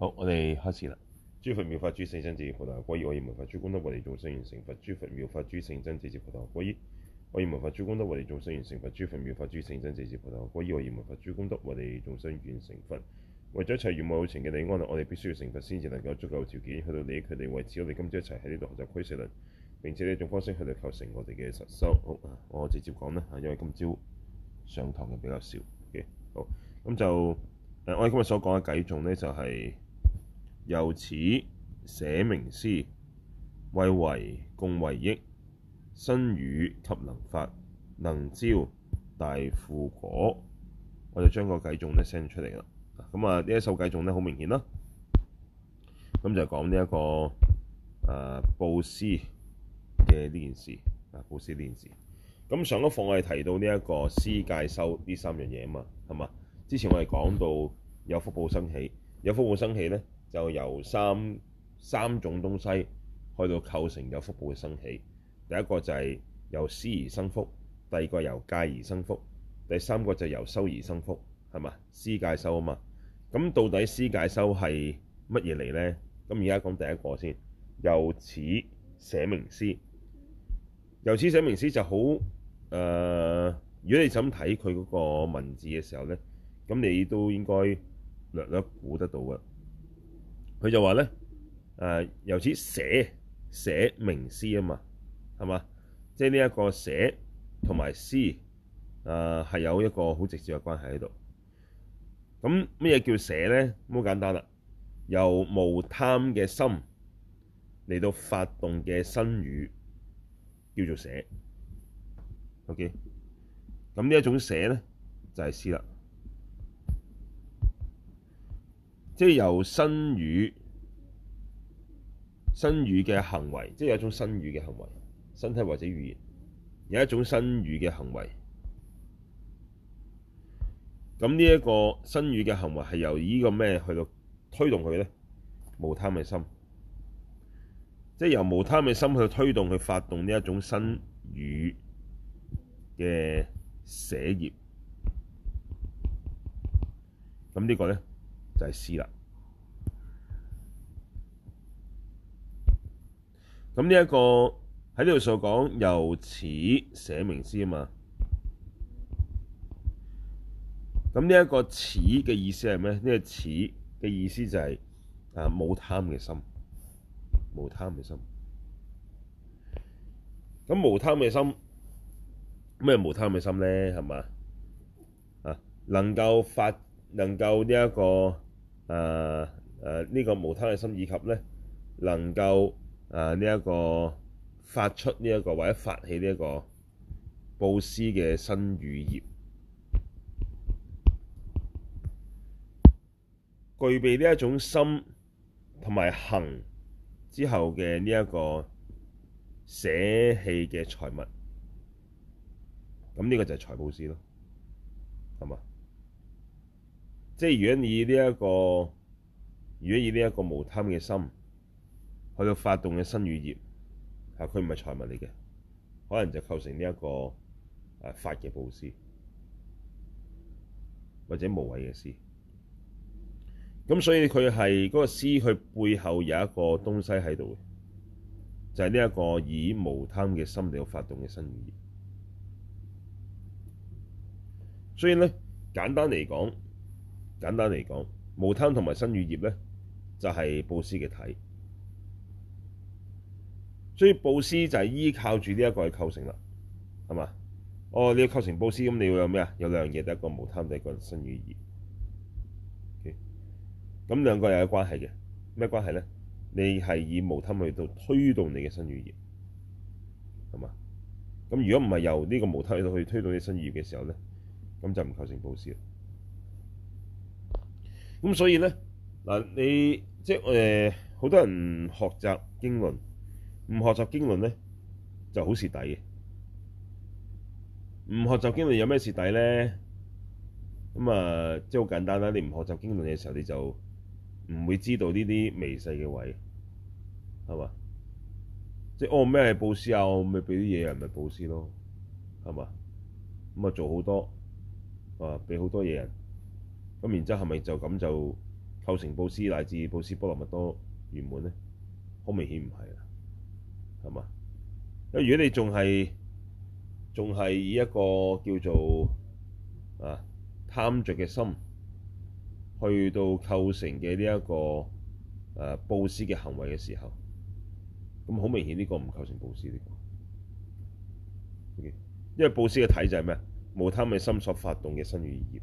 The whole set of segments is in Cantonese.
好，我哋開始啦。諸佛妙法諸聖真子菩提學歸依，我以聞法諸功德，為你眾生完成佛。諸佛妙法諸聖真子接菩提學歸依，我以聞法諸功德，為你眾生完成佛。諸佛妙法諸聖真子接菩提學歸依，我以聞法諸功德，為你眾生完成佛。為咗一切如母有情嘅你，安我哋必須要成佛，先至能夠足夠條件去到利。佢哋，為此，我哋今朝一齊喺呢度學習俱舍論，並且呢種方式去到構成我哋嘅實修。好，我直接講啦，因為今朝上堂嘅比較少。嘅、okay,。好，咁就誒，我哋今日所講嘅偈頌咧，就係、是。由此捨名施，謂為供為益，身語及能發，能招大富果。我就將個偈頌咧 send 出嚟啦。咁啊，這一首呢一首偈頌咧好明顯啦。咁就講呢、這、一個誒、呃、布施嘅呢件事啊，布施呢件事。咁上一課我係提到呢一個施、戒、修呢三樣嘢啊嘛，係嘛？之前我係講到有福報生起，有福報生起咧。就由三三種東西去到構成有福報嘅生起。第一個就係由施而生福，第二個由戒而生福，第三個就係由修而生福，係嘛？施戒修啊嘛。咁到底施戒修係乜嘢嚟呢？咁而家講第一個先，由此捨名施。由此捨名施就好誒、呃。如果你想睇佢嗰個文字嘅時候呢，咁你都應該略略估得到嘅。佢就話咧，誒、呃，由此捨捨名施啊嘛，係嘛？即係呢一個捨同埋施，誒、呃，係有一個好直接嘅關係喺度。咁乜嘢叫捨咧？好簡單啦，由無貪嘅心嚟到發動嘅身語，叫做捨。OK，咁呢一種捨咧就係、是、施啦。即係由身語身語嘅行為，即係有一種身語嘅行為，身體或者語言，有一種身語嘅行為。咁呢一個身語嘅行為係由呢個咩去到推動佢咧？無貪嘅心，即係由無貪嘅心去推動去發動呢一種身語嘅捨業。咁呢個咧？就係、是、施啦。咁呢一個喺呢度所講，由此捨名施啊嘛。咁呢一個此嘅意思係咩？呢、這個此嘅意思就係、是、啊無貪嘅心，冇貪嘅心。咁無貪嘅心咩？無貪嘅心咧，係嘛啊？能夠發能夠呢、這、一個。誒、呃、誒，呢、呃這個無貪嘅心，以及咧能夠誒呢一個發出呢、這、一個，或者發起呢、這、一個佈施嘅身語業，具備呢一種心同埋行之後嘅呢一個捨棄嘅財物，咁呢個就係財佈施咯，係嘛？即係，如果以呢、這、一個，如果以呢一個無貪嘅心去到發動嘅身語業，係佢唔係財物嚟嘅，可能就構成呢一個誒法嘅布施，或者無畏嘅施。咁所以佢係嗰個施，佢背後有一個東西喺度，就係呢一個以無貪嘅心嚟到發動嘅身語業。所以咧，簡單嚟講。簡單嚟講，無貪同埋身語業咧，就係、係、布施嘅體。所以布施就係依靠住呢一個去構成啦，係嘛？哦，你要構成布施，咁你要有咩啊？有兩樣嘢，第一個無貪，第一個身語業。咁、okay. 兩個又有關係嘅，咩關係咧？你係以無貪去到推動你嘅身語業，係嘛？咁如果唔係由呢個無貪去到去推動你身語業嘅時候咧，咁就唔構成布施啦。咁所以咧，嗱你即係誒，好多人學習經論，唔學習經論咧就好蝕底嘅。唔學習經論有咩蝕底咧？咁啊，即係好簡單啦！你唔學習經論嘅時候，你就唔會知道呢啲微細嘅位，係嘛？即係我咩係佈施啊？我咪俾啲嘢人咪佈施咯，係嘛？咁啊，做好多啊，俾好多嘢人。咁然之後係咪就咁就構成布施，乃至布施波羅蜜多圓滿咧？好明顯唔係啦，係嘛？因為如果你仲係仲係以一個叫做啊貪着嘅心去到構成嘅呢一個誒佈、啊、施嘅行為嘅時候，咁好明顯呢個唔構成布施呢個、okay. 因為布施嘅體就係咩啊？無貪嘅心所發動嘅身語業。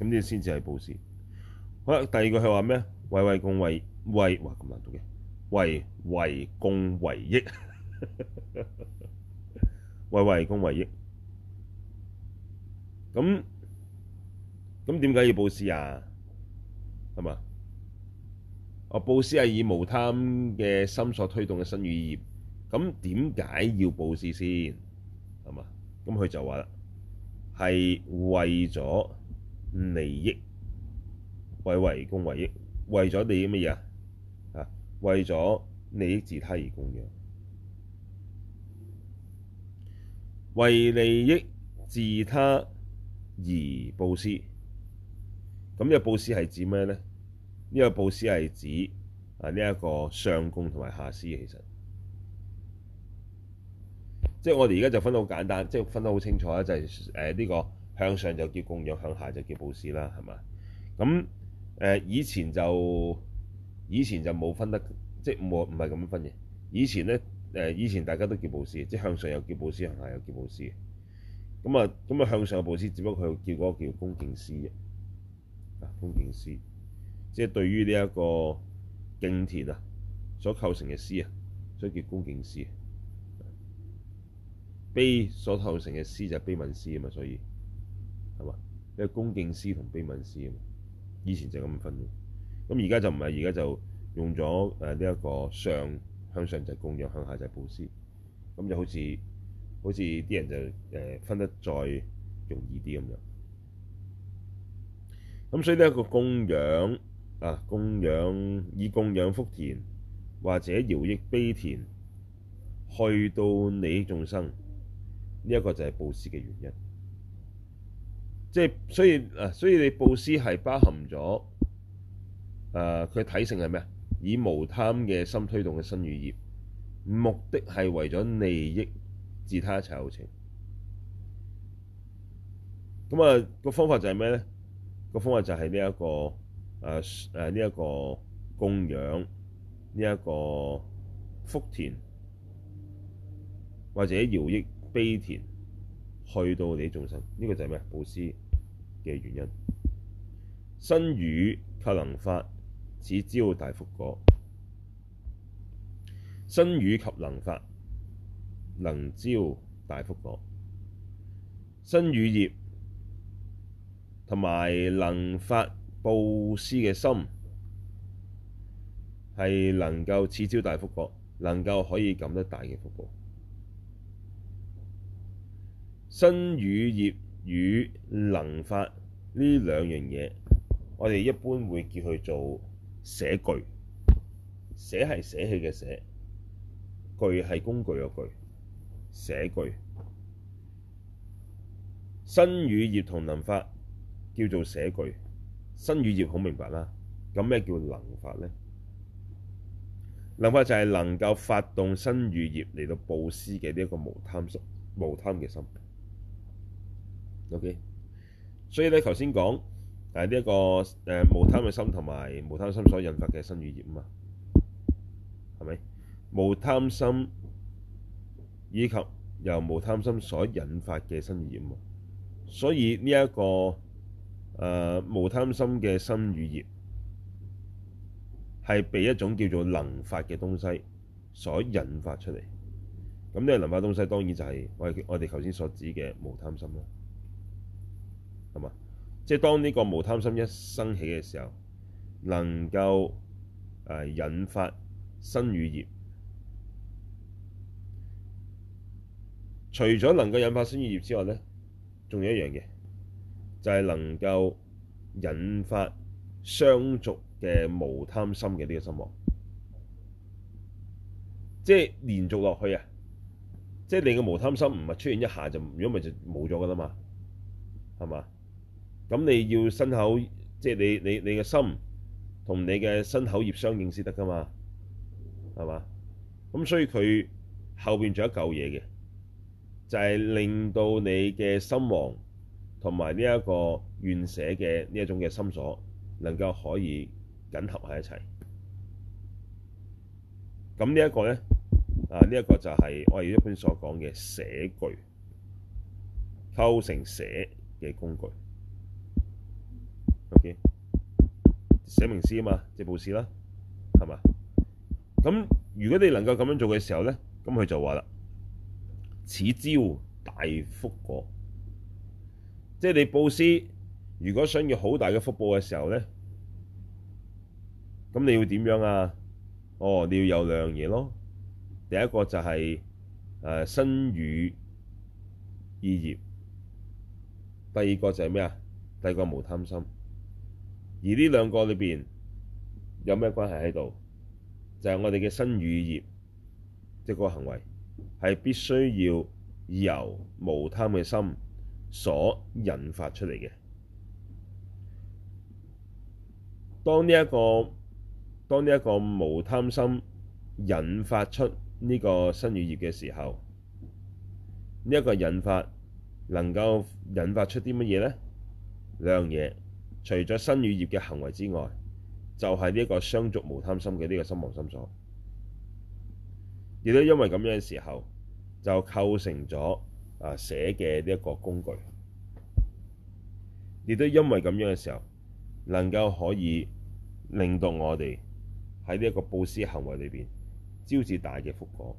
咁呢先至係佈施。好啦，第二個係話咩？謂為供為為，哇，咁難讀嘅，謂為供為益，謂為供為益。咁咁點解要佈施啊？係嘛？啊，佈施係以無貪嘅心所推動嘅身語業。咁點解要佈施先，係嘛？咁佢就話啦，係為咗。利益謂為供為益，為咗利益乜嘢啊？啊，為咗利益自他而供養，為利益自他而布施。咁、那、呢個布施係指咩咧？呢、這個布施係指啊呢一個上供同埋下施，其實即係我哋而家就分得好簡單，即係分得好清楚啦，就係誒呢個。向上就叫供養，向下就叫布施啦，係嘛？咁誒、呃、以前就以前就冇分得，即係冇唔係咁樣分嘅。以前咧誒、呃、以前大家都叫布施，即係向上又叫布施，向下又叫布施咁啊，咁啊向上嘅布施，只不過佢叫嗰個叫恭敬施啊，恭敬施，即係、就是、對於呢一個敬田啊所構成嘅施啊，所以叫恭敬施。悲所構成嘅施就係悲憫施啊嘛，所以。係嘛？呢個恭敬施同悲愍施啊嘛，以前就咁分嘅。咁而家就唔係，而家就用咗誒呢一個上向上就係供養，向下就係布施。咁就好似好似啲人就誒、呃、分得再容易啲咁樣。咁所以呢一個供養啊，供養以供養福田或者饒益悲田去到利益眾生，呢、這、一個就係布施嘅原因。即係所以啊，所以你布施係包含咗誒，佢、呃、體性係咩啊？以無貪嘅心推動嘅身語業，目的係為咗利益自他一切有情。咁啊，個、呃、方法就係咩咧？個方法就係呢一個誒誒呢一個供養，呢、這、一個福田或者饒益悲田，去到你眾生，呢、這個就係咩啊？佈施。嘅原因，身語及能發，此招大富果；身語及能發，能招大富果；身語業同埋能發布施嘅心，係能夠此招大富果，能夠可以感得大嘅富果。身語業與能發呢兩樣嘢，我哋一般會叫佢做捨具。捨係捨棄嘅捨，具係工具嘅具。捨具，身語業同能發叫做捨具。身語業好明白啦，咁咩叫能發咧？能發就係能夠發動身語業嚟，到布施嘅呢一個無貪無貪嘅心。O.K.，所以咧，頭先講誒呢一個誒、呃、無貪嘅心，同埋無貪心所引發嘅身語業啊嘛，係咪無貪心，以及由無貪心所引發嘅身語業啊？所以呢、這、一個誒、呃、無貪心嘅身語業係被一種叫做能發嘅東西所引發出嚟。咁呢個能發東西當然就係我哋我哋頭先所指嘅無貪心啦。係嘛？即係當呢個無貪心一生起嘅時候，能夠誒、呃、引發身語業。除咗能夠引發身語業之外咧，仲有一樣嘢，就係、是、能夠引發相續嘅無貪心嘅呢個心王。即係連續落去啊！即係你嘅無貪心唔係出現一下，因為就了的了，如果唔係就冇咗㗎啦嘛，係嘛？咁你要身口，即係你你你嘅心同你嘅身口業相應先得噶嘛，係嘛？咁所以佢後邊仲有一嚿嘢嘅，就係令到你嘅心王同埋呢一個願捨嘅呢一種嘅心所能夠可以緊合喺一齊。咁呢一個咧啊，呢一個就係我哋一般所講嘅捨具，構成捨嘅工具。O.K. 捨名施啊嘛，即係布施啦，係嘛？咁如果你能夠咁樣做嘅時候咧，咁佢就話啦：此招大富果。即係你布施，如果想要好大嘅福報嘅時候咧，咁你要點樣啊？哦，你要有兩樣嘢咯。第一個就係、是、誒、呃、身與意業，第二個就係咩啊？第二個冇貪心。而呢兩個裏邊有咩關係喺度？就係我哋嘅身語業，即係個行為，係必須要由無貪嘅心所引發出嚟嘅。當呢一個，當呢一個無貪心引發出呢個身語業嘅時候，呢一個引發能夠引發出啲乜嘢呢？兩樣嘢。除咗身語業嘅行為之外，就係呢一個相續無貪心嘅呢個心王心所。亦都因為咁樣嘅時候，就構成咗啊捨嘅呢一個工具。亦都因為咁樣嘅時候，能夠可以令到我哋喺呢一個布施行為裏邊招致大嘅福果。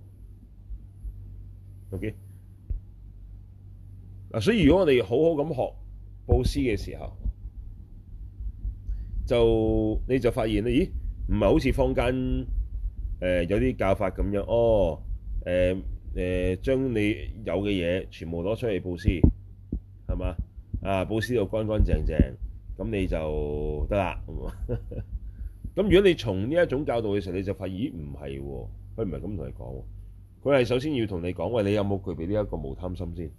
OK，嗱，所以如果我哋好好咁學布施嘅時候，就你就發現咧，咦？唔係好似坊間誒、呃、有啲教法咁樣，哦，誒、呃、誒、呃，將你有嘅嘢全部攞出去佈施，係嘛？啊，佈施到乾乾淨淨，咁你就得啦。咁 如果你從呢一種教導嘅時候，你就發現，咦？唔係喎，佢唔係咁同你講喎，佢係首先要同你講，喂，你有冇具備呢一個無貪心先，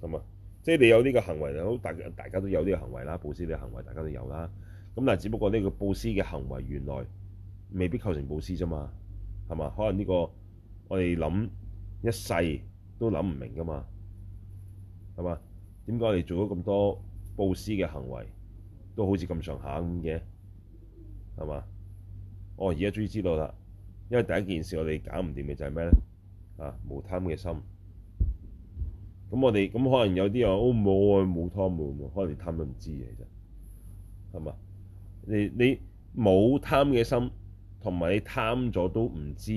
係嘛？即係你有呢個行為，大大家都有呢個行為啦，布施呢個行為大家都有啦。咁但係只不過呢個布施嘅行為原來未必構成布施啫嘛，係嘛？可能呢個我哋諗一世都諗唔明噶嘛，係嘛？點解我哋做咗咁多布施嘅行為，都好似咁上下咁嘅，係嘛？哦，而家終於知道啦，因為第一件事我哋搞唔掂嘅就係咩咧？啊，無貪嘅心。咁我哋咁可能有啲話，哦，冇呀，冇貪，冇可能你貪都唔知嘅啫，係嘛？你你冇貪嘅心，同埋你貪咗都唔知，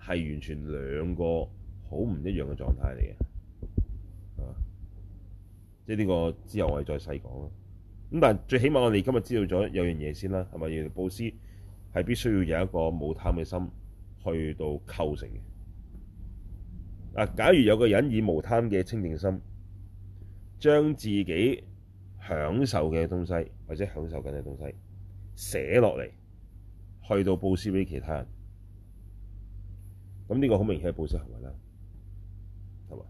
係完全兩個好唔一樣嘅狀態嚟嘅，係嘛？即係呢個之後我哋再細講啦。咁但係最起碼我哋今日知道咗有樣嘢先啦，係咪？布施係必須要有一個冇貪嘅心去到構成嘅。嗱，假如有個人以無貪嘅清淨心，將自己享受嘅東西或者享受緊嘅東西捨落嚟，去到布施俾其他人，咁呢個好明顯係布施行為啦，係嘛？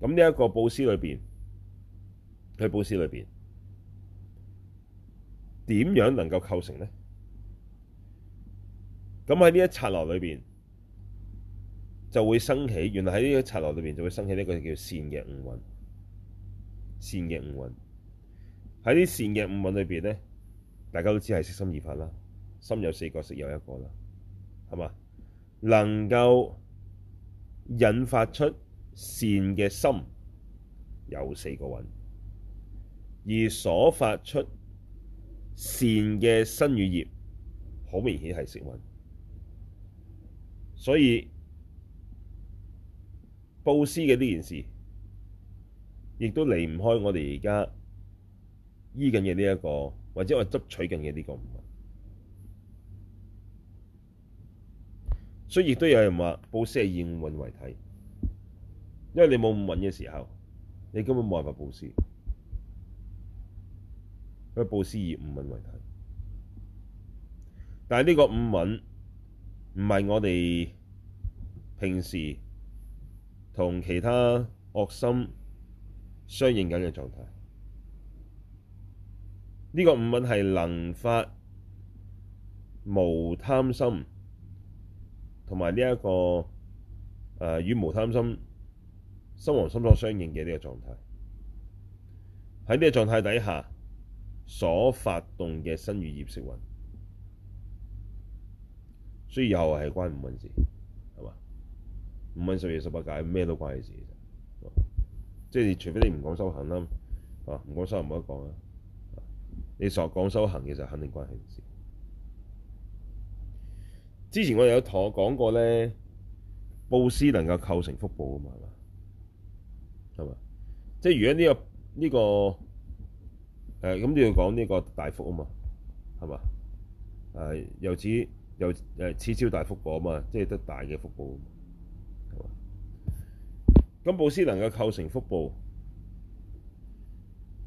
咁呢一個布施裏面，喺布施裏面點樣能夠構成咧？咁喺呢一冊落裏面。就會生起，原來喺呢個剎那裏邊就會生起呢個叫善嘅五蘊，善嘅五蘊喺啲善嘅五蘊裏邊咧，大家都知係色心二法啦，心有四個，色有一個啦，係嘛？能夠引發出善嘅心有四個蘊，而所發出善嘅身語業，好明顯係色蘊，所以。布施嘅呢件事，亦都離唔開我哋而家依緊嘅呢一個，或者我執取緊嘅呢個五蘊，所以亦都有人話布施係以五蘊為體，因為你冇五蘊嘅時候，你根本冇辦法布施。佢布施以五蘊為體，但係呢個五蘊唔係我哋平時。同其他惡心相應緊嘅狀態，呢、這個五蘊係能發無貪心，同埋呢一個貪、呃、與無貪心心王心所相應嘅呢個狀態，喺呢個狀態底下所發動嘅身語業色蘊，所以又係關五蘊事。五蘊十二十八界，咩都關你事。即係除非你唔講修行啦，啊唔講修行冇得講啊。你傻講修行嘅就肯定關你事。之前我有同我講過咧，布施能夠構成福報啊嘛，係嘛？即係如果呢、呢個呢、呢個誒咁、呃、你要講呢個大福啊嘛，係嘛？誒、呃、由此由誒此招大福報啊嘛，即係得大嘅福報。咁布施能夠構成福報。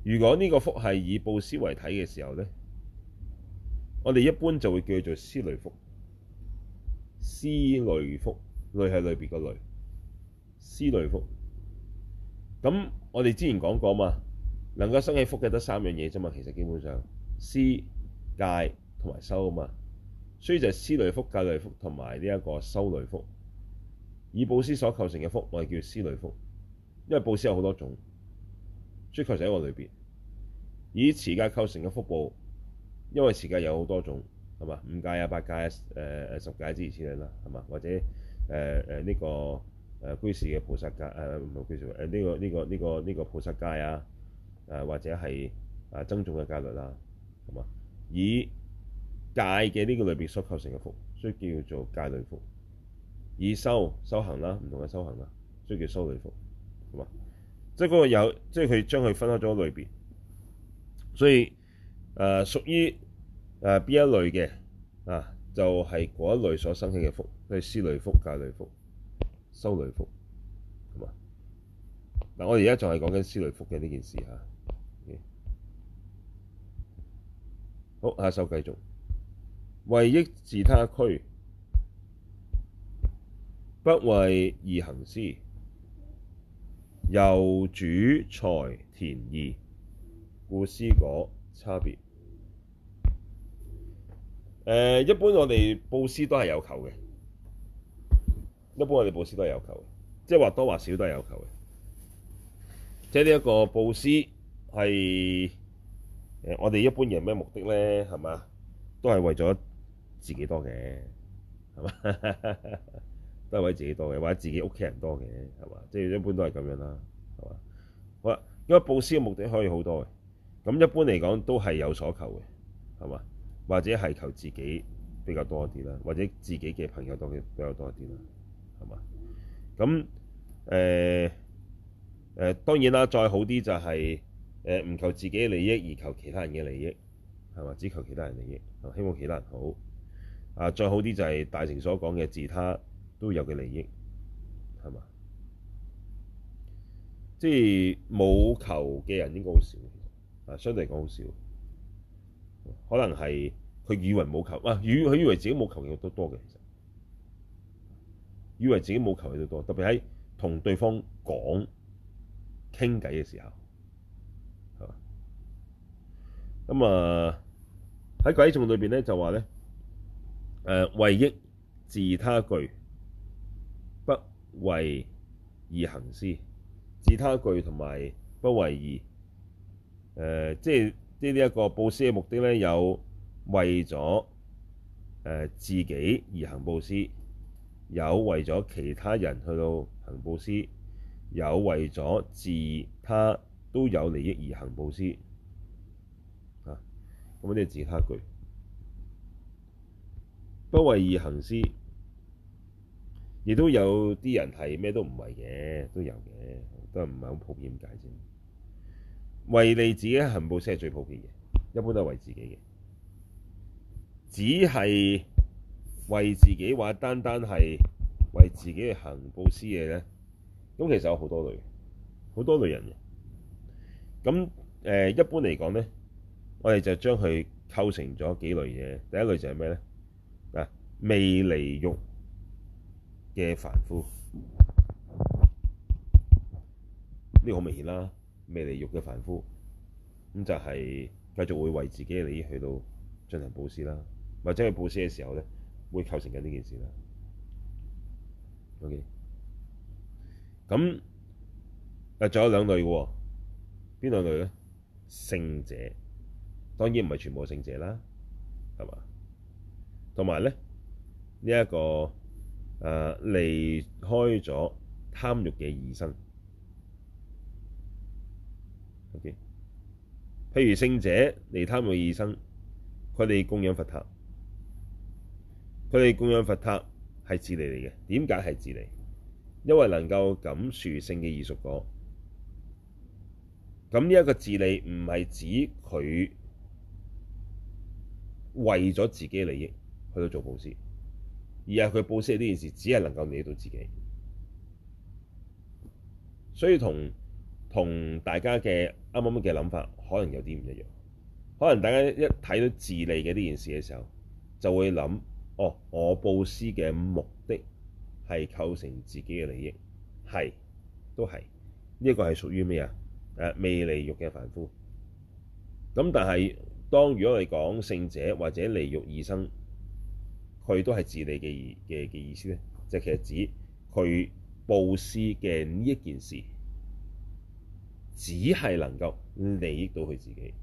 如果呢個福係以布施為體嘅時候咧，我哋一般就會叫做施類福。施類福類係類別個類。施類福。咁我哋之前講過嘛，能夠生起福嘅得三樣嘢啫嘛，其實基本上施、戒同埋修啊嘛。所以就係施類福、戒類福同埋呢一個修類福。以布施所構成嘅福，我哋叫施類福，因為布施有好多種，所以構成一個類別。以持戒構成嘅福報，因為持戒有好多種，係嘛？五戒啊、八戒啊、誒、呃、誒十戒之如此類啦，係嘛？或者誒誒呢個誒、呃、居士嘅菩薩戒誒，唔係居士呢、呃呢個呢、呢個呢、呢個呢、呢個菩薩戒啊，誒、呃、或者係誒、呃、僧眾嘅戒律啦，係嘛？以戒嘅呢個類別所構成嘅福，所以叫做戒類福。以修修行啦，唔同嘅修行啦、就是就是，所以叫修類福，係、呃、嘛？即係嗰個有，即係佢將佢分開咗類別，所以誒屬於誒邊一類嘅啊，就係、是、嗰一類所生起嘅福，即係施類福、戒類福、修類福，係嘛？嗱，我哋而家仲係講緊施類福嘅呢件事吓、啊，好，下首繼續，為益自他俱。不為二行施，由主財田異，故施果差別。誒、呃，一般我哋布施都係有求嘅。一般我哋布施都係有求嘅，即係或多或少都係有求嘅。即係呢一個布施係誒、呃，我哋一般人咩目的咧？係嘛？都係為咗自己多嘅，係嘛？ 都係為自己多嘅，或者自己屋企人多嘅，係嘛？即係一般都係咁樣啦，係嘛？好啦，因為布施嘅目的可以好多嘅，咁一般嚟講都係有所求嘅，係嘛？或者係求自己比較多啲啦，或者自己嘅朋友多嘅比較多啲啦，係嘛？咁誒誒，當然啦，再好啲就係誒唔求自己嘅利益，而求其他人嘅利益，係嘛？只求其他人利益，希望其他人好啊。再好啲就係大成所講嘅自他。都有嘅利益，係嘛？即係冇求嘅人應該好少，啊，相對嚟講好少。可能係佢以為冇求，啊，佢以為自己冇求嘅都多嘅，其實以為自己冇求嘅都多。特別喺同對方講傾偈嘅時候，係嘛？咁啊喺鬼眾裏邊咧就話咧，誒，為益自他俱。為而行施，自他俱同埋不為而，誒、呃、即係即係呢一個布施嘅目的咧，有為咗誒、呃、自己而行布施，有為咗其他人去到行布施，有為咗自他都有利益而行布施，嚇咁樣即係自他俱，不為而行施。亦都不的也有啲人係咩都唔為嘅，都有嘅，都係唔係好普遍解啫。為你自己行布施係最普遍嘅，一般都係為自己嘅，只係為自己話單單係為自己去行布施嘅咧。咁其實有好多類嘅，好多類人嘅。咁誒，一般嚟講咧，我哋就將佢構成咗幾類嘢。第一類就係咩咧？嗱，未離欲。嘅凡夫，呢個好明顯啦，未離欲嘅凡夫，咁就係、是、繼續會為自己嘅利益去到進行布施啦，或者去布施嘅時候咧，會構成緊呢件事啦。OK，咁啊，仲有兩類嘅，邊兩類咧？聖者，當然唔係全部聖者啦，係嘛？同埋咧，呢、這、一個。誒、uh, 離開咗貪欲嘅異生，好嘅。譬如聖者離貪欲異生，佢哋供養佛塔，佢哋供養佛塔係自利嚟嘅。點解係自利？因為能夠感殊勝嘅異熟果。咁呢一個自利唔係指佢為咗自己利益去到做佈施。而係佢佈施呢件事，只係能夠利到自己，所以同同大家嘅啱啱嘅諗法可能有啲唔一樣。可能大家一睇到自利嘅呢件事嘅時候，就會諗：哦，我布施嘅目的係構成自己嘅利益係，係都係呢一個係屬於咩啊？誒，未離欲嘅凡夫係。咁但係當如果我哋講聖者或者離欲異生。佢都係自利嘅嘅嘅意思咧，就是、其實指佢布施嘅呢一件事，只係能夠利益到佢自己，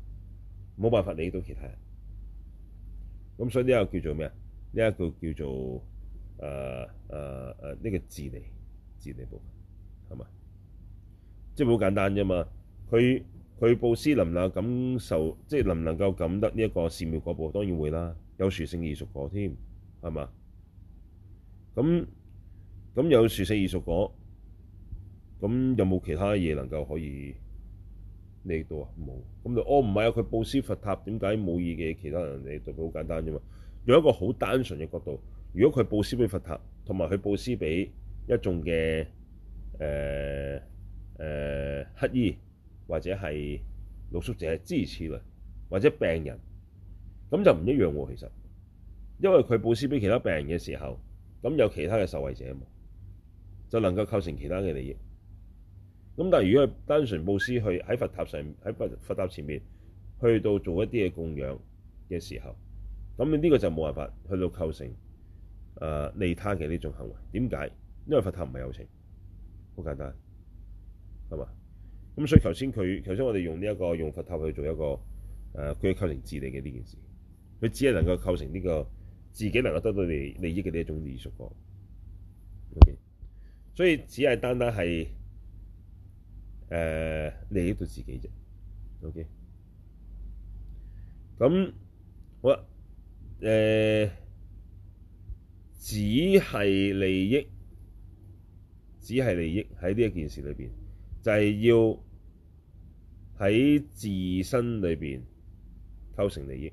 冇辦法利益到其他人。咁所以呢一個叫做咩啊？呢、這、一個叫做誒誒誒呢個自利自利部係、就是、嘛？即係好簡單啫嘛。佢佢布施能唔能夠感受，即係能唔能夠感得呢一個善妙果部？當然會啦，有殊勝異熟果添。係嘛？咁咁有殊勝異熟果，咁有冇其他嘢能夠可以嚟到啊？冇。咁你我唔係啊！佢、哦、布施佛塔點解冇意義嘅其他人嚟到？好簡單啫嘛。用一個好單純嘅角度，如果佢布施俾佛塔，同埋佢布施俾一眾嘅誒誒乞衣或者係露宿者支持啊，或者病人，咁就唔一樣喎。其實。因為佢布施俾其他病人嘅時候，咁有其他嘅受惠者，就能夠構成其他嘅利益。咁但係如果係單純布施去喺佛塔上喺佛佛塔前面去到做一啲嘅供養嘅時候，咁呢個就冇辦法去到構成誒、呃、利他嘅呢種行為。點解？因為佛塔唔係有情，好簡單，係嘛？咁所以頭先佢頭先我哋用呢、這、一個用佛塔去做一個誒，佢、呃、構成自利嘅呢件事，佢只係能夠構成呢、這個。自己能夠得到利利益嘅呢一種異熟果，ok，所以只係單單係誒、呃、利益到自己啫，ok，咁好啦，誒、呃，只係利益，只係利益喺呢一件事裏邊，就係、是、要喺自身裏邊構成利益。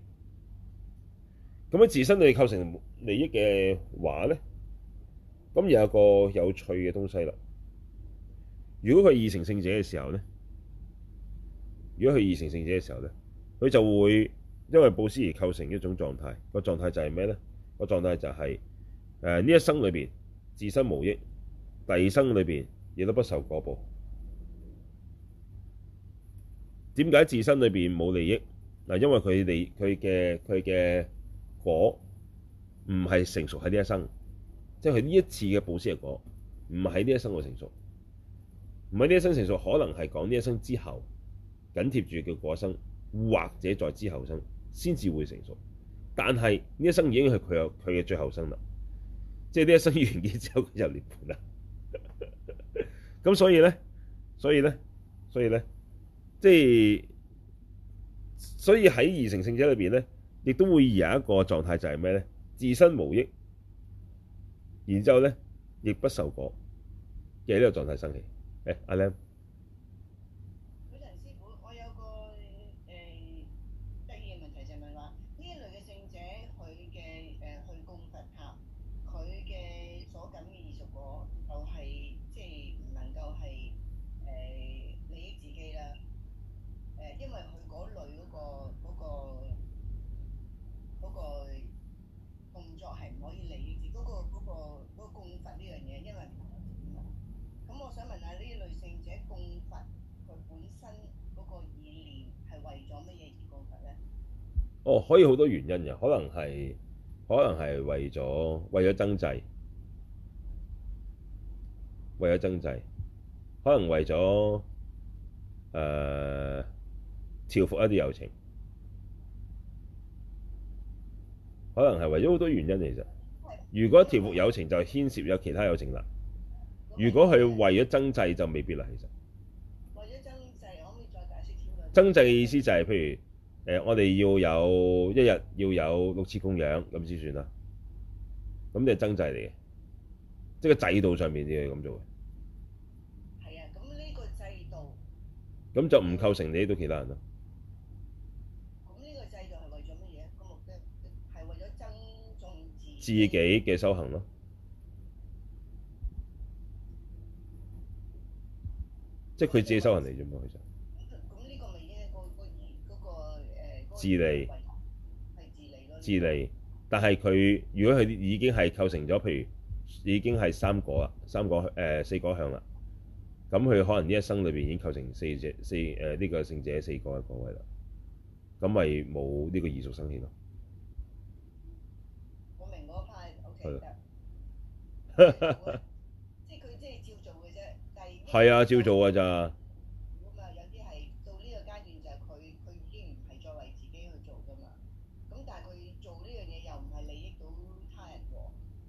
咁樣自身你構成利益嘅話咧，咁又有一個有趣嘅東西啦。如果佢係異成聖者嘅時候咧，如果佢異成聖者嘅時候咧，佢就會因為布施而構成一種狀態。個狀態就係咩咧？個狀態就係誒呢一生裏面，自身無益，第二生裏面，亦都不受果報。點解自身裏面冇利益嗱？因為佢哋佢嘅佢嘅。果唔係成熟喺呢一生，即係佢呢一次嘅布施嘅果，唔喺呢一生會成熟，唔喺呢一生成熟，可能係講呢一生之後緊貼住叫果生，或者再之後生先至會成熟。但係呢一生已經係佢有佢嘅最後生啦，即係呢一生完結之後佢就涅槃啦。咁 所以咧，所以咧，所以咧，即係所以喺二乘聖者裏邊咧。亦都會有一個狀態，就係咩呢？自身無益，然之後呢，亦不受果嘅呢個狀態生起。誒，阿靚所以好多原因嘅，可能係，可能係為咗為咗增制，為咗增制，可能為咗誒調服一啲有情，可能係為咗好多原因嚟嘅。其實，如果調服有情就牽涉有其他有情啦，如果佢為咗增制就未必啦。其實，為咗爭制，我可唔可以再解釋添？爭制嘅意思就係譬如。誒、呃，我哋要有一日要有六次供養，咁先算啦。咁就增製嚟嘅，即係個制度上面你要咁做嘅。係啊，咁呢個制度咁就唔構成你到其他人咯。咁呢個制度係為咗乜嘢？個目的係為咗增重自自己嘅修行咯、嗯。即係佢自己收人嚟啫嘛，其、嗯、實。嗯自利，自利，自利，但係佢如果佢已經係構成咗，譬如已經係三果啦，三果誒、呃、四果向啦，咁佢可能呢一生裏邊已經構成四隻四誒呢、呃這個聖者四果嘅果位啦，咁咪冇呢個異熟生起咯。我明嗰派，O K。即係佢即係照做嘅啫。係啊、這個， 照做嘅咋。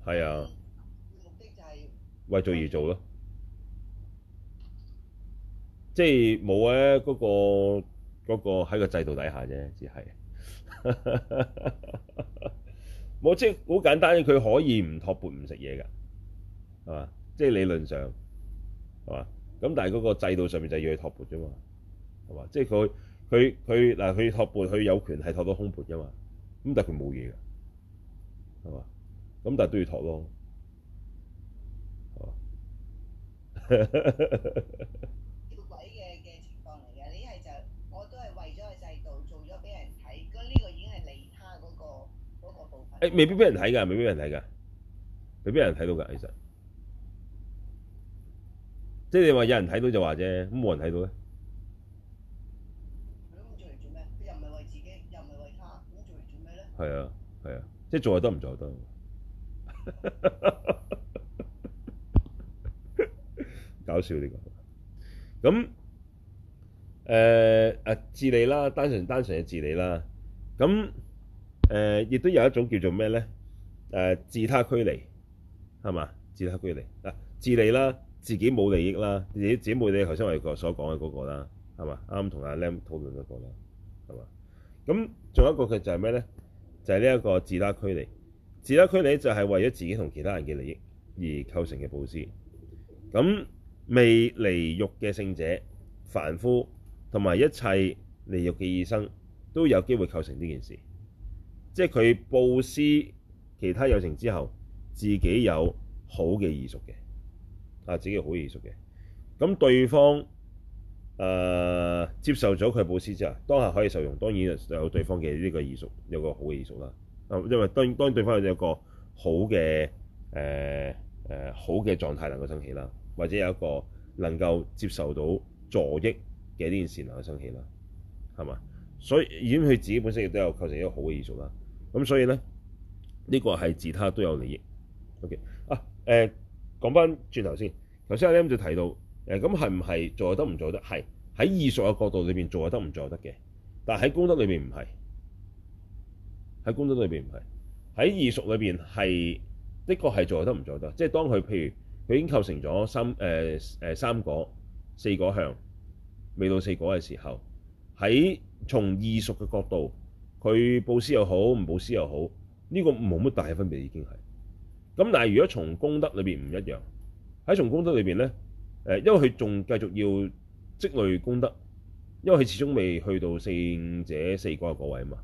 係啊，目的就係為做而做咯，即係冇咧嗰個嗰個喺個制度底下啫，只係冇即係好簡單佢可以唔托缽唔食嘢㗎，係嘛？即係理論上係嘛？咁但係嗰個制度上面就要去托缽啫嘛，係嘛？即係佢佢佢嗱佢托缽，佢有權係托到空缽㗎嘛？咁但係佢冇嘢㗎，係嘛？咁但係都要託咯，呢個鬼嘅嘅情況嚟嘅。你係就我都係為咗個制度做咗俾人睇，咁呢個已經係利他嗰個部分。誒，未必俾人睇㗎，未必俾人睇㗎，未必俾人睇到㗎。其實， 即係你話有人睇到就話啫，咁冇人睇到咧。咁做嚟做咩？佢又唔係為自己，又唔係為他，咁做嚟做咩咧？係啊，係啊，即係做得，唔做得，做得。 搞笑呢、這個咁誒誒自利啦，單純單純嘅自利啦。咁誒、呃、亦都有一種叫做咩咧？誒自他俱利係嘛？自他俱利嗱自利啦，自己冇利益啦，自己冇你頭先我所講嘅嗰個啦，係嘛？啱啱同阿 lem 討論咗個啦，係嘛？咁仲有一個嘅就係咩咧？就係呢一個自他俱利。自他俱利就係為咗自己同其他人嘅利益而構成嘅布施。咁未離欲嘅聖者、凡夫同埋一切離欲嘅異生都有機會構成呢件事。即係佢布施其他有情之後，自己有好嘅異熟嘅，啊，自己有好異熟嘅。咁對方誒、呃、接受咗佢嘅布施之後，當下可以受用，當然就有對方嘅呢個異熟，有個好嘅異熟啦。啊、嗯，因為當然，當對方有一個好嘅誒誒好嘅狀態能夠生起啦，或者有一個能夠接受到助益嘅呢件事能夠生起啦，係嘛？所以已經佢自己本身亦都有構成一個好嘅異熟啦。咁所以咧，呢個係自他都有利益。OK 啊，誒、呃，講翻轉頭先，頭先阿 M 就提到誒，咁係唔係做得唔做得？係喺異熟嘅角度裏邊做得唔做得嘅，但喺功德裏面唔係。喺功德裏邊唔係，喺異熟裏邊係的確係做得唔做得，即係當佢譬如佢已經構成咗三誒誒、呃、三果四果向，未到四果嘅時候，喺從異熟嘅角度，佢布施又好唔布施又好，呢、呢個冇乜大嘅分別已經係。咁但係如果從功德裏邊唔一樣，喺從功德裏邊咧，誒因為佢仲繼續要積累功德，因為佢始終未去到聖者四果嘅位啊嘛。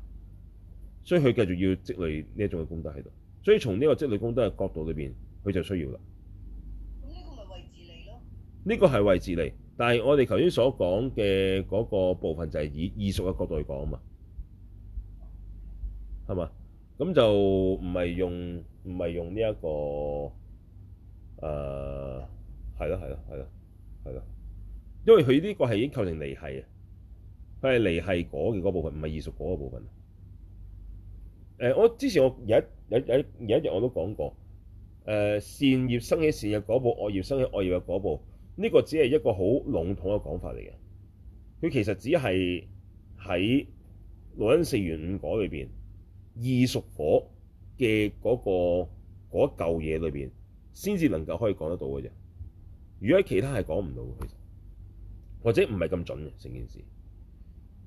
所以佢繼續要積累呢一種嘅功德喺度，所以從呢個積累功德嘅角度裏邊，佢就需要啦。咁呢個咪為自利咯？呢個係為自利，但係我哋頭先所講嘅嗰個部分就係以異熟嘅角度去講啊嘛，係嘛？咁就唔係用唔係用呢、這、一個誒係咯係咯係咯係咯，因為佢呢個係已經構成離繫的，啊，佢係離繫果嘅部分，唔係異熟果嘅部分。誒，我之前我有一有有有一日我都講過，誒善業生起善業果報，惡業生起惡業嘅部，呢個只係一個好籠統嘅講法嚟嘅，佢其實只係喺六因四緣五果裏邊，異熟果嘅嗰個嗰嚿嘢裏邊，先至能夠可以講得到嘅啫。如果其他係講唔到嘅，其實或者唔係咁準嘅成件事。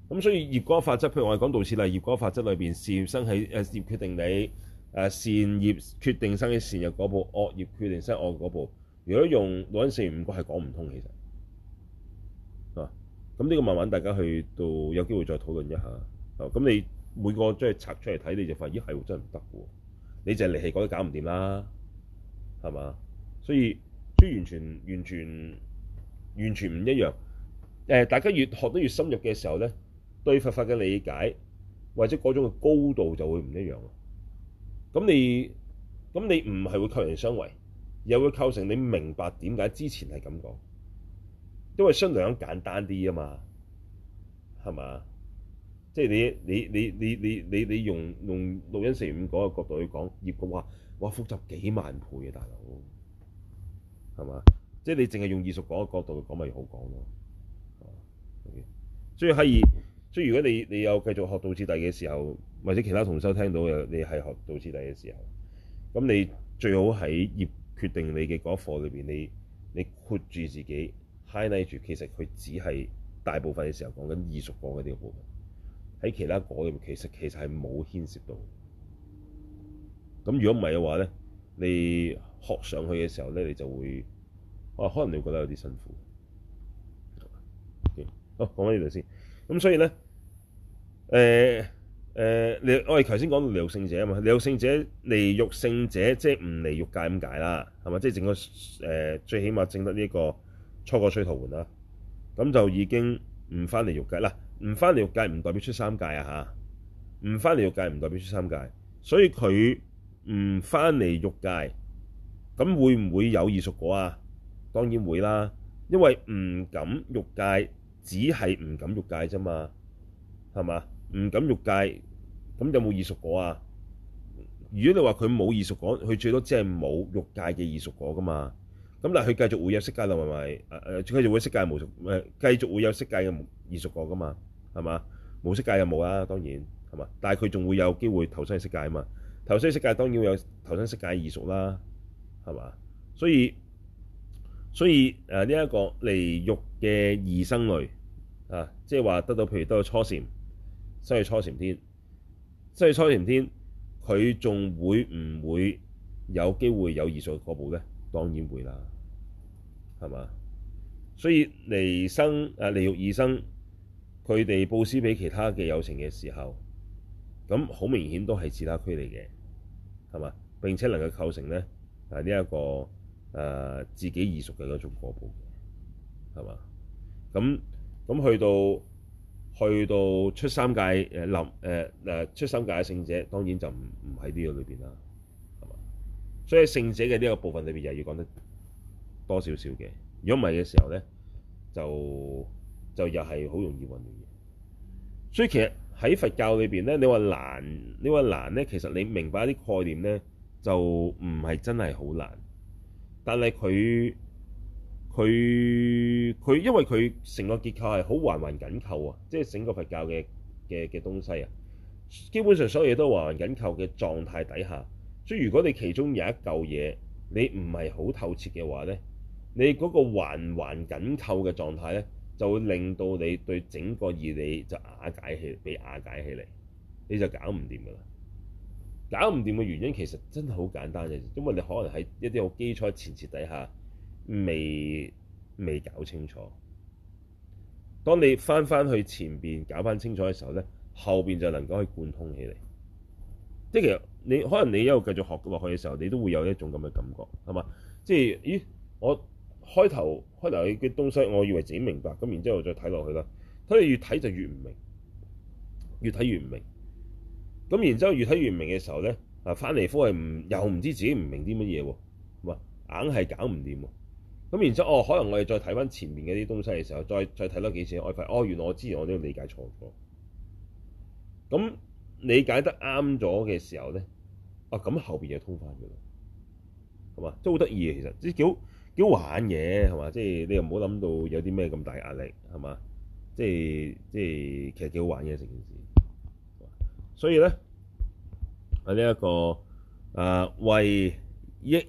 咁所以業果法則，譬如我哋講道士，例，業果法則裏邊事善生起誒業決定你善業決定生起善嗰部，惡業決定生惡嗰部。如果用六因四緣五果係講唔通，其實啊，咁呢個慢慢大家去到有機會再討論一下。咁、啊、你每個即係拆出嚟睇，你就發現咦係真係唔得喎，你就係離棄講得、那個、搞唔掂啦，係嘛？所以所以完全完全完全唔一樣。大家越學得越深入嘅時候咧。對佛法嘅理解，或者嗰種嘅高度就會唔一樣咯。咁你咁你唔係會扣人雙維，又會構成你明白點解之前係咁講，因為相對樣簡單啲啊嘛，係嘛？即、就、係、是、你你你你你你你,你用用六因四緣五果嘅角度去講，業嘅話哇複雜幾萬倍嘅、啊、大佬係嘛？即係、就是、你淨係用異熟講嘅角度去講咪好講咯、啊。所以可以。所以如果你你有繼續學到徹底嘅時候，或者其他同修聽到嘅你係學到徹底嘅時候，咁你最好喺業決定你嘅嗰一課裏邊，你你括住自己，highlight 住，其實佢只係大部分嘅時候講緊異熟講嘅呢個部分，喺其他課裏面其實其實係冇牽涉到。咁如果唔係嘅話咧，你學上去嘅時候咧，你就會啊，可能你會覺得有啲辛苦。Okay. 好，講翻呢度先。咁所以咧。誒、呃、誒，你、呃、我哋頭先講到離欲聖者啊嘛，離欲聖者，離欲聖者即係唔離欲界咁解啦，係咪？即係整個誒、呃、最起碼證得呢個初果須陀洹啦，咁就已經唔翻嚟欲界啦，唔翻嚟欲界唔代表出三界啊吓？唔翻嚟欲界唔代表出三界，所以佢唔翻嚟欲界，咁會唔會有異熟果啊？當然會啦，因為唔感欲界只係唔感欲界咋嘛，係嘛？唔感欲界咁有冇異熟果啊？如果你話佢冇異熟果，佢最多即係冇欲界嘅異熟果噶嘛。咁嗱，佢繼續會有色界同埋誒誒，繼續會色界無熟誒，繼續會有色界嘅異熟果噶嘛，係嘛？冇色界就冇啦，當然係嘛？但係佢仲會有機會投身色界啊嘛。投身色界當然會有投身色界異熟啦，係嘛？所以所以誒呢一個離欲嘅異生類啊，即係話得到譬如得到初禪。所以初禪天，所以初禪天，佢仲會唔會有機會有異熟嘅果報咧？當然會啦，係嘛？所以離生啊，離欲異生，佢哋布施俾其他嘅有情嘅時候，咁好明顯都係自他俱利嘅，係嘛？並且能夠構成咧啊呢一個誒、呃、自己異熟嘅嗰種果報，係嘛？咁咁去到。去到出三界誒林誒誒出三界嘅聖者當然就唔唔喺呢個裏邊啦，係嘛？所以在聖者嘅呢個部分裏邊又要講得多少少嘅，如果唔係嘅時候咧，就就又係好容易混亂嘅。所以其實喺佛教裏邊咧，你話難，你話難咧，其實你明白一啲概念咧，就唔係真係好難，但係佢。佢佢因為佢成個結構係好環環緊扣啊，即係整個佛教嘅嘅嘅東西啊，基本上所有嘢都環環緊扣嘅狀態底下，所以如果你其中有一嚿嘢你唔係好透徹嘅話呢，你嗰個環環緊扣嘅狀態呢，就會令到你對整個義理就瓦解起，被瓦解起嚟，你就搞唔掂噶啦。搞唔掂嘅原因其實真係好簡單嘅，因為你可能喺一啲好基礎前設底下。未未搞清楚。當你翻翻去前邊搞翻清楚嘅時候咧，後邊就能夠去貫通起嚟。即係其實你可能你一路繼續學落去嘅時候，你都會有一種咁嘅感覺，係嘛？即係咦，我開頭開頭嘅嘅東西，我以為自己明白咁，然之後再睇落去啦。睇嚟越睇就越唔明，越睇越唔明。咁然之後越睇越唔明嘅時候咧，啊，翻嚟科係唔又唔知自己唔明啲乜嘢喎，係嘛？硬係搞唔掂喎。咁然之後哦，可能我哋再睇翻前面嘅啲東西嘅時候，再再睇多幾次 iPad，哦，原來我之前我都理解錯咗。咁理解得啱咗嘅時候咧，啊、哦，咁後邊就通翻嘅，係嘛？都好得意嘅其實，即係幾好玩嘅，係嘛？即、就、係、是、你又唔好諗到有啲咩咁大壓力，係嘛？即係即係其實幾好玩嘅成件事。所以咧，喺呢一個誒、啊、為益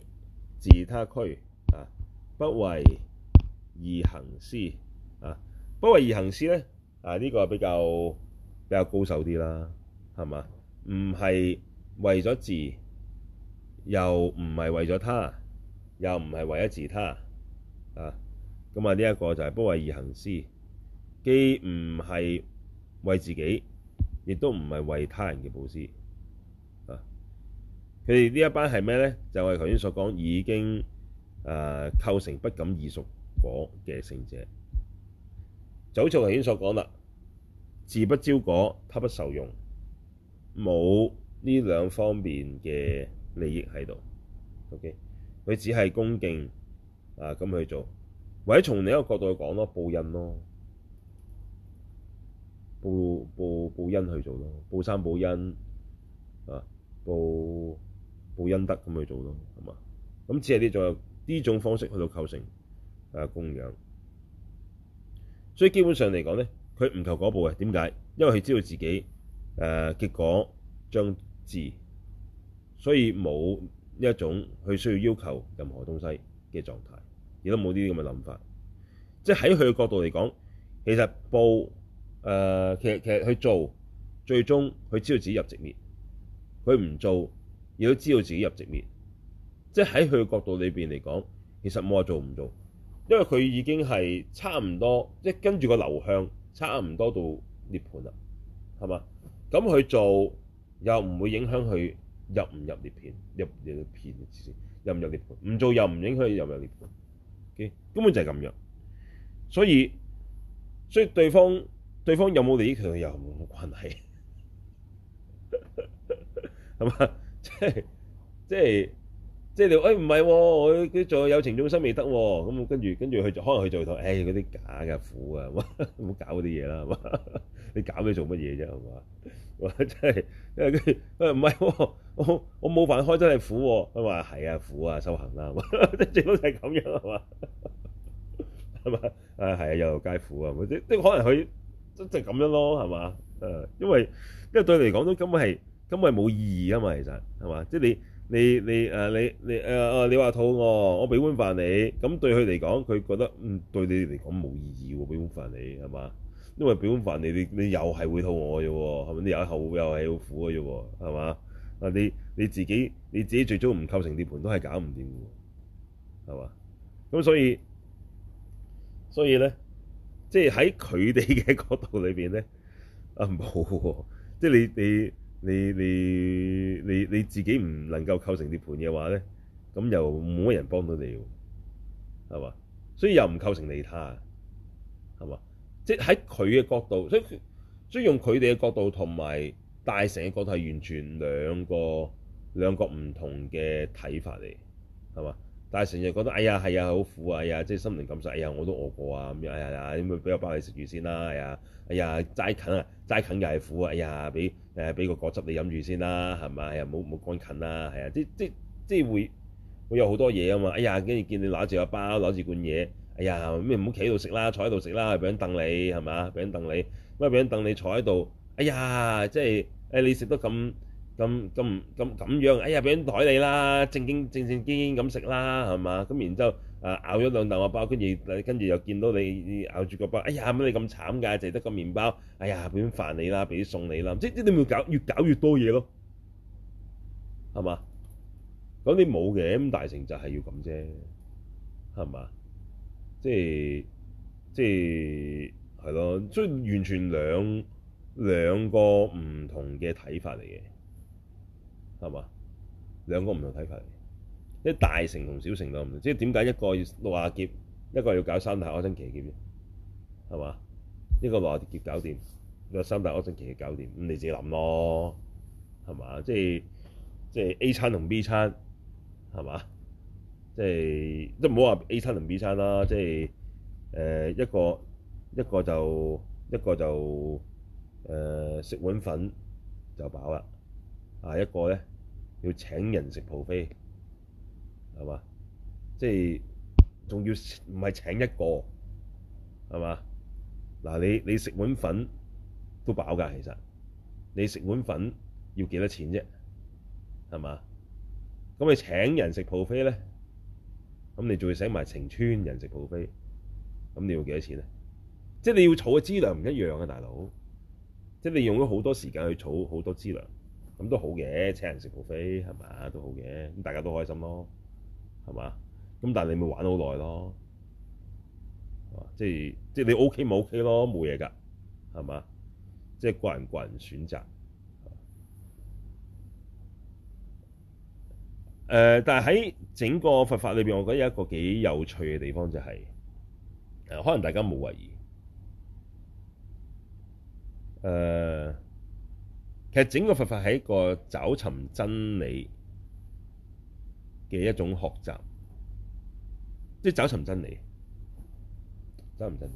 自他俱。不為二行施啊！不為二行施咧啊，呢、這個比較比較高手啲啦，係嘛？唔係為咗自，又唔係為咗他，又唔係為咗自他啊！咁啊，呢一個就係不為二行施，既唔係為自己，亦都唔係為他人嘅布施。啊！佢哋呢一班係咩咧？就係頭先所講已經。誒、啊、構成不感異熟果嘅聖者，就好似頭先所講啦，自不招果，他不受用，冇呢兩方面嘅利益喺度。OK，佢只係恭敬啊咁去做，或者從另一個角度去講咯，報恩咯，報報報恩去做咯，報三報恩啊，報報恩德咁去做咯，係嘛？咁只係呢有。呢種方式去到構成誒供養，呃、養所以基本上嚟講咧，佢唔求嗰步嘅點解？因為佢知道自己誒、呃、結果將至，所以冇一種佢需要要求任何東西嘅狀態，亦都冇呢啲咁嘅諗法。即係喺佢嘅角度嚟講，其實報誒、呃，其實其實去做，最終佢知道自己入直滅，佢唔做亦都知道自己入直滅。即係喺佢角度裏邊嚟講，其實冇話做唔做，因為佢已經係差唔多，即係跟住個流向差唔多到涅槃啦，係嘛？咁佢做又唔會影響佢入唔入涅槃，入唔入片入唔入涅槃？唔做又唔影響佢入唔入涅槃，okay? 根本就係咁樣。所以所以對方對方有冇利益其實又又冇關係，咁 啊，即係即係。即係你話，誒唔係喎，我做有情中心未得喎、哦，咁跟住跟住佢就可能佢做台誒嗰啲假嘅苦啊，咁搞嗰啲嘢啦，係嘛？你搞佢做乜嘢啫，係嘛？真係，因為跟住誒唔係喎，我冇飯開真係苦喎，佢話係啊苦啊，啊，苦啊修行啦，即係、就是、最好就係咁樣係嘛？係嘛？誒係、哎、啊又街苦啊，即係即係可能佢就咁樣咯係嘛？誒，因為因為對你嚟講都根本係根本係冇意義㗎嘛，其實係嘛？即係、就是、你。你你誒你你誒哦你話肚餓，我俾碗飯你，咁對佢嚟講，佢覺得嗯對你嚟講冇意義喎，俾碗飯你係嘛？因為俾碗飯你你你又係會肚餓嘅喎，係咪？你又係苦又係好苦嘅啫喎，係嘛？啊你你自己你自己最終唔構成碟盤都係搞唔掂嘅喎，係嘛？咁所以所以咧，即係喺佢哋嘅角度裏邊咧，啊冇喎，即係你你。你你你你你自己唔能夠構成涅槃嘅話咧，咁又冇乜人幫到你喎，係嘛？所以又唔構成利他，係嘛？即喺佢嘅角度，所以所以用佢哋嘅角度同埋大乘嘅角度係完全兩個兩個唔同嘅睇法嚟，係嘛？但係成日覺得，哎呀係啊，好苦啊！哎呀，即係心靈感受，哎呀，我都餓過啊咁樣，哎呀，點會俾個包你食住先啦？哎呀，哎呀，齋近啊，齋近又係苦啊！哎呀，俾誒俾個果汁你飲住先啦，係咪？哎呀，唔好乾近啦，係啊！呀即即即會會有好多嘢啊嘛！哎呀，跟住見你攞住個包，攞住罐嘢，哎呀，咩唔好企喺度食啦，坐喺度食啦，俾人瞪你係嘛？俾人瞪你，咁俾人瞪你，等你坐喺度，哎呀，即係誒你食得咁～咁咁唔咁咁樣，哎呀，俾啲台你啦，正經正正經經咁食啦，係嘛？咁然之後，誒咬咗兩啖個包，跟住跟住又見到你咬住個包，哎呀，乜你咁慘㗎？就係得個麵包，哎呀，俾啲飯你啦，俾啲餸你啦，即即你咪搞越搞越多嘢咯，係嘛？咁你冇嘅咁大成就係要咁啫，係嘛？即即係咯，所以完全兩兩個唔同嘅睇法嚟嘅。係嘛？兩個唔同睇法，一大乘同小乘都唔同。即係點解一個要六啊劫，一個要搞三大阿僧祇劫啫？係嘛？一個六啊劫搞掂，一個三大阿僧祇搞掂，咁你自己諗咯。係嘛？即係即係 A 餐同 B 餐，係嘛？即係都唔好話 A 餐同 B 餐啦。即係誒、呃、一個一個就一個就誒、呃、食碗粉就飽啦。第一個咧，要請人食 buffet，係嘛？即係仲要唔係請一個，係嘛？嗱，你你食碗粉都飽㗎，其實你食碗粉要幾多錢啫？係嘛？咁你請人食 buffet 咧，咁你仲要請埋成村人食 buffet，咁你要幾多錢啊？即係你要儲嘅資糧唔一樣啊，大佬！即係你用咗好多時間去儲好多資糧。咁都好嘅，請人食 buffet 係嘛？都好嘅，咁大家都開心咯，係嘛？咁但係你咪玩好耐咯，即係即係你 OK 冇 OK 咯，冇嘢㗎，係嘛？即係個人個人選擇。呃、但係喺整個佛法裏面，我覺得有一個幾有趣嘅地方就係、誒，可能大家冇為意。誒、呃。其實整個佛法係一個找尋真理嘅一種學習，即係找尋真理，真唔真理？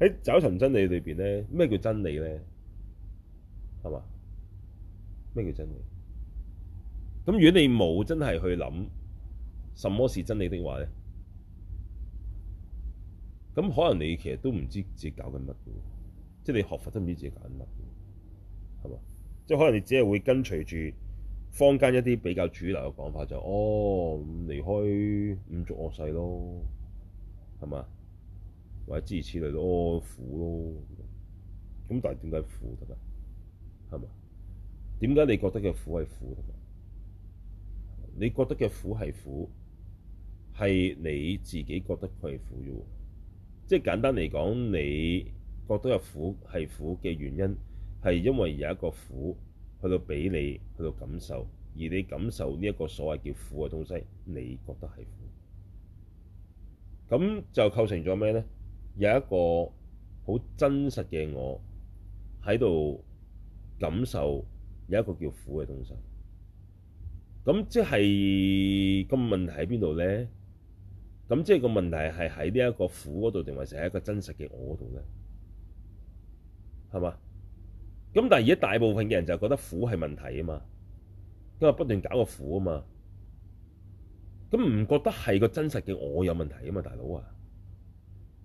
喺找尋真理裏邊咧，咩叫真理咧？係嘛？咩叫真理？咁如果你冇真係去諗什麼是真理的話咧，咁可能你其實都唔知自己搞緊乜嘅，即係你學佛都唔知自己搞緊乜。係嘛？即係可能你只係會跟隨住坊間一啲比較主流嘅講法，就哦，離開五濁惡世咯，係嘛？或者支持你咯，苦咯。咁但係點解苦得啊？係嘛？點解你覺得嘅苦係苦？你覺得嘅苦係苦，係你自己覺得佢係苦啫。即係簡單嚟講，你覺得嘅苦係苦嘅原因。係因為有一個苦去到俾你去到感受，而你感受呢一個所謂叫苦嘅東西，你覺得係苦。咁就構成咗咩咧？有一個好真實嘅我喺度感受有一個叫苦嘅東西。咁即係個問題喺邊度咧？咁即係個問題係喺呢一個苦嗰度，定還是喺一個真實嘅我度咧？係嘛？咁但係而家大部分嘅人就覺得苦係問題啊嘛，因為不斷搞個苦啊嘛，咁唔覺得係個真實嘅我有問題啊嘛，大佬啊，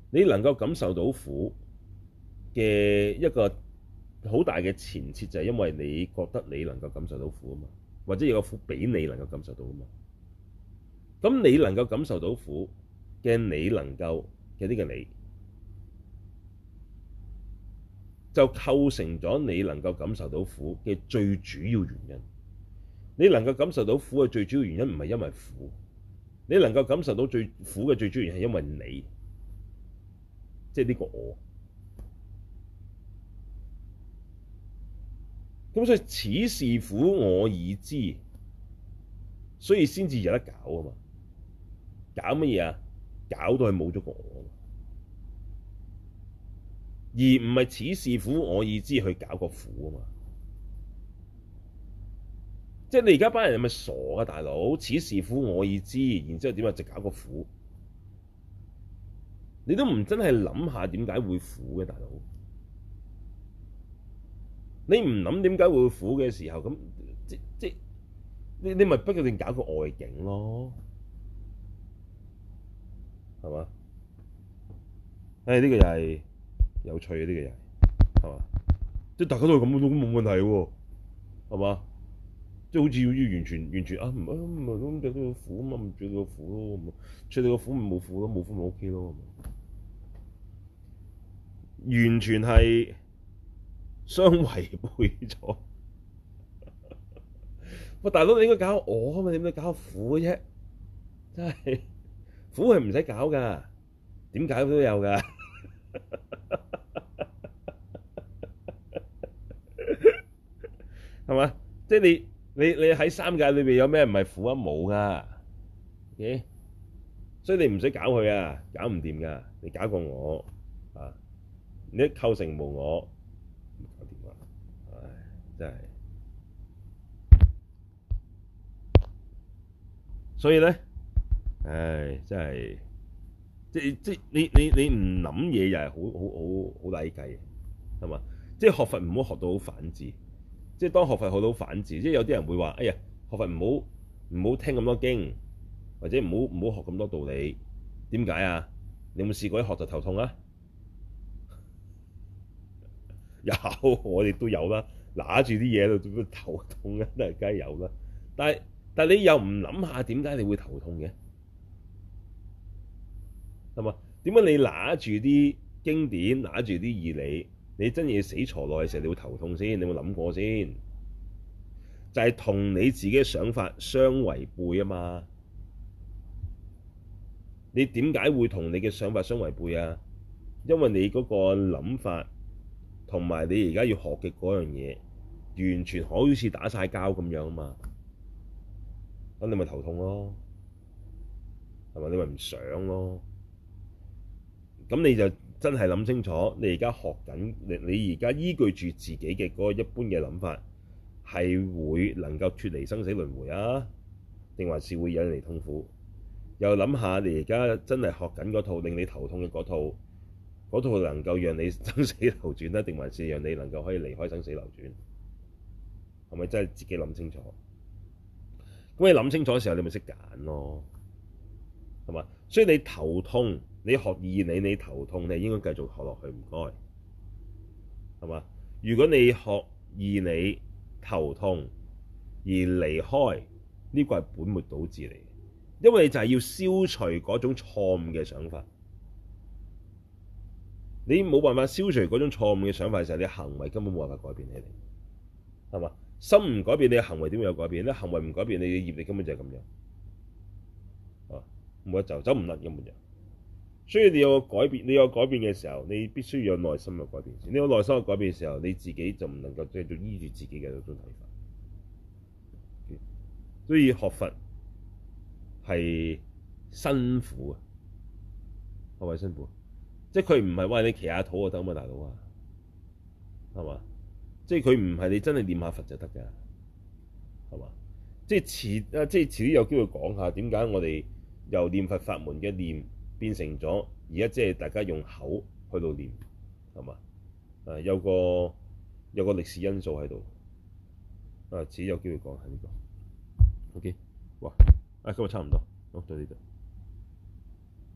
你能夠感受到苦嘅一個好大嘅前設就係因為你覺得你能夠感受到苦啊嘛，或者有個苦俾你能夠感受到啊嘛，咁你能夠感受到苦嘅你能夠嘅呢個你。就構成咗你能夠感受到苦嘅最主要原因。你能夠感受到苦嘅最主要原因唔係因為苦，你能夠感受到最苦嘅最主要原因係因為你，即係呢個我。咁所以此是苦我已知，所以先至有得搞啊嘛。搞乜嘢啊？搞到係冇咗個我。而唔係此是苦我已知去搞個苦啊嘛！即係你而家班人係咪傻㗎，大佬？此是苦我已知，然之後點啊，就搞個苦，你都唔真係諗下點解會苦嘅，大佬？你唔諗點解會苦嘅時候，咁即即你你咪不確定搞個外景咯，係嘛？誒、哎、呢、這個又係有趣嗰啲嘅人，係嘛？即係大家都係咁都冇問題喎，係嘛？即係好似要完全完全啊唔啊咁，即係都要苦啊嘛，唔做個苦咯，出你個苦咪冇苦咯，冇苦咪 OK 咯，完全係相違背咗。喂，大佬你應該搞我啊嘛，點解搞苦嘅啫？真係苦係唔使搞㗎，點搞都有㗎。係嘛？即係你你你喺三界裏邊有咩唔係苦啊冇噶？所以你唔使搞佢啊，搞唔掂噶。你搞過我啊？你一構成無我，搞掂啦！唉，真係。所以咧，唉，真係，即係即係你你你唔諗嘢又係好好好好抵計，係嘛？即係學佛唔好學到好反智。即係當學佛學到反智，即係有啲人會話，哎呀，學佛唔好唔好聽咁多經，或者唔好唔好學咁多道理，點解啊？你有冇試過一學就頭痛啊？有，我哋都有啦。拿住啲嘢都頭痛啦，梗係有啦。但係但係你又唔諗下點解你會頭痛嘅？係嘛？點解你拿住啲經典，拿住啲義理，你真嘢死坐耐嘅時候，你會頭痛先。你有冇諗過先？就係同你自己嘅想法相違背啊嘛。你點解會同你嘅想法相違背啊？因為你嗰個諗法同埋你而家要學嘅嗰樣嘢，完全好似打晒交咁樣啊嘛。咁你咪頭痛咯，係咪？你咪唔想咯。咁你就～真係諗清楚，你而家學緊，你你而家依據住自己嘅嗰個一般嘅諗法，係會能夠脫離生死輪迴啊？定還是會引嚟痛苦？又諗下你而家真係學緊嗰套令你頭痛嘅嗰套，嗰套能夠讓你生死流轉咧、啊，定還是讓你能夠可以離開生死流轉？係咪真係自己諗清楚？咁你諗清楚嘅時候，你咪識揀咯，係嘛？所以你頭痛。你學義理你頭痛，你應該繼續學落去唔該，係嘛？如果你學義理頭痛而離開，呢、這個係本末倒置嚟，因為你就係要消除嗰種錯誤嘅想法。你冇辦法消除嗰種錯誤嘅想法就係、是、你行為根本冇辦法改變你哋，係嘛？心唔改，改變，你嘅行為點會有改變咧？行為唔改變，你嘅業力根本就係咁樣，哦，冇得走，走唔甩嘅，咁樣。所以你有個改變，你有改變嘅時候，你必須要有內心嘅改變先。你有內心嘅改變嘅時候，你自己就唔能夠繼續依住自己嘅嗰種睇法。所以學佛係辛苦嘅，係咪辛苦？即係佢唔係話你騎下肚就得啊，大佬啊，係嘛？即係佢唔係你真係念下佛就得嘅，係嘛？即係遲啊！即係遲啲有機會講下點解我哋由念佛法門嘅念。變成咗而家即係大家用口去到有個有個歷史因素喺度，里、啊、只有機會講下呢個。OK，哇，今日差唔多，好，呢度